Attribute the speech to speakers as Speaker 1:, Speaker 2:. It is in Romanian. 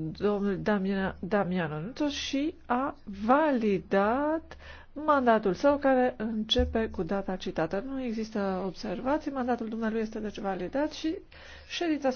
Speaker 1: domnul Damian, Damianonuțu și a validat mandatul său care începe cu data citată. Nu există observații, mandatul dumnealui este deci validat și ședința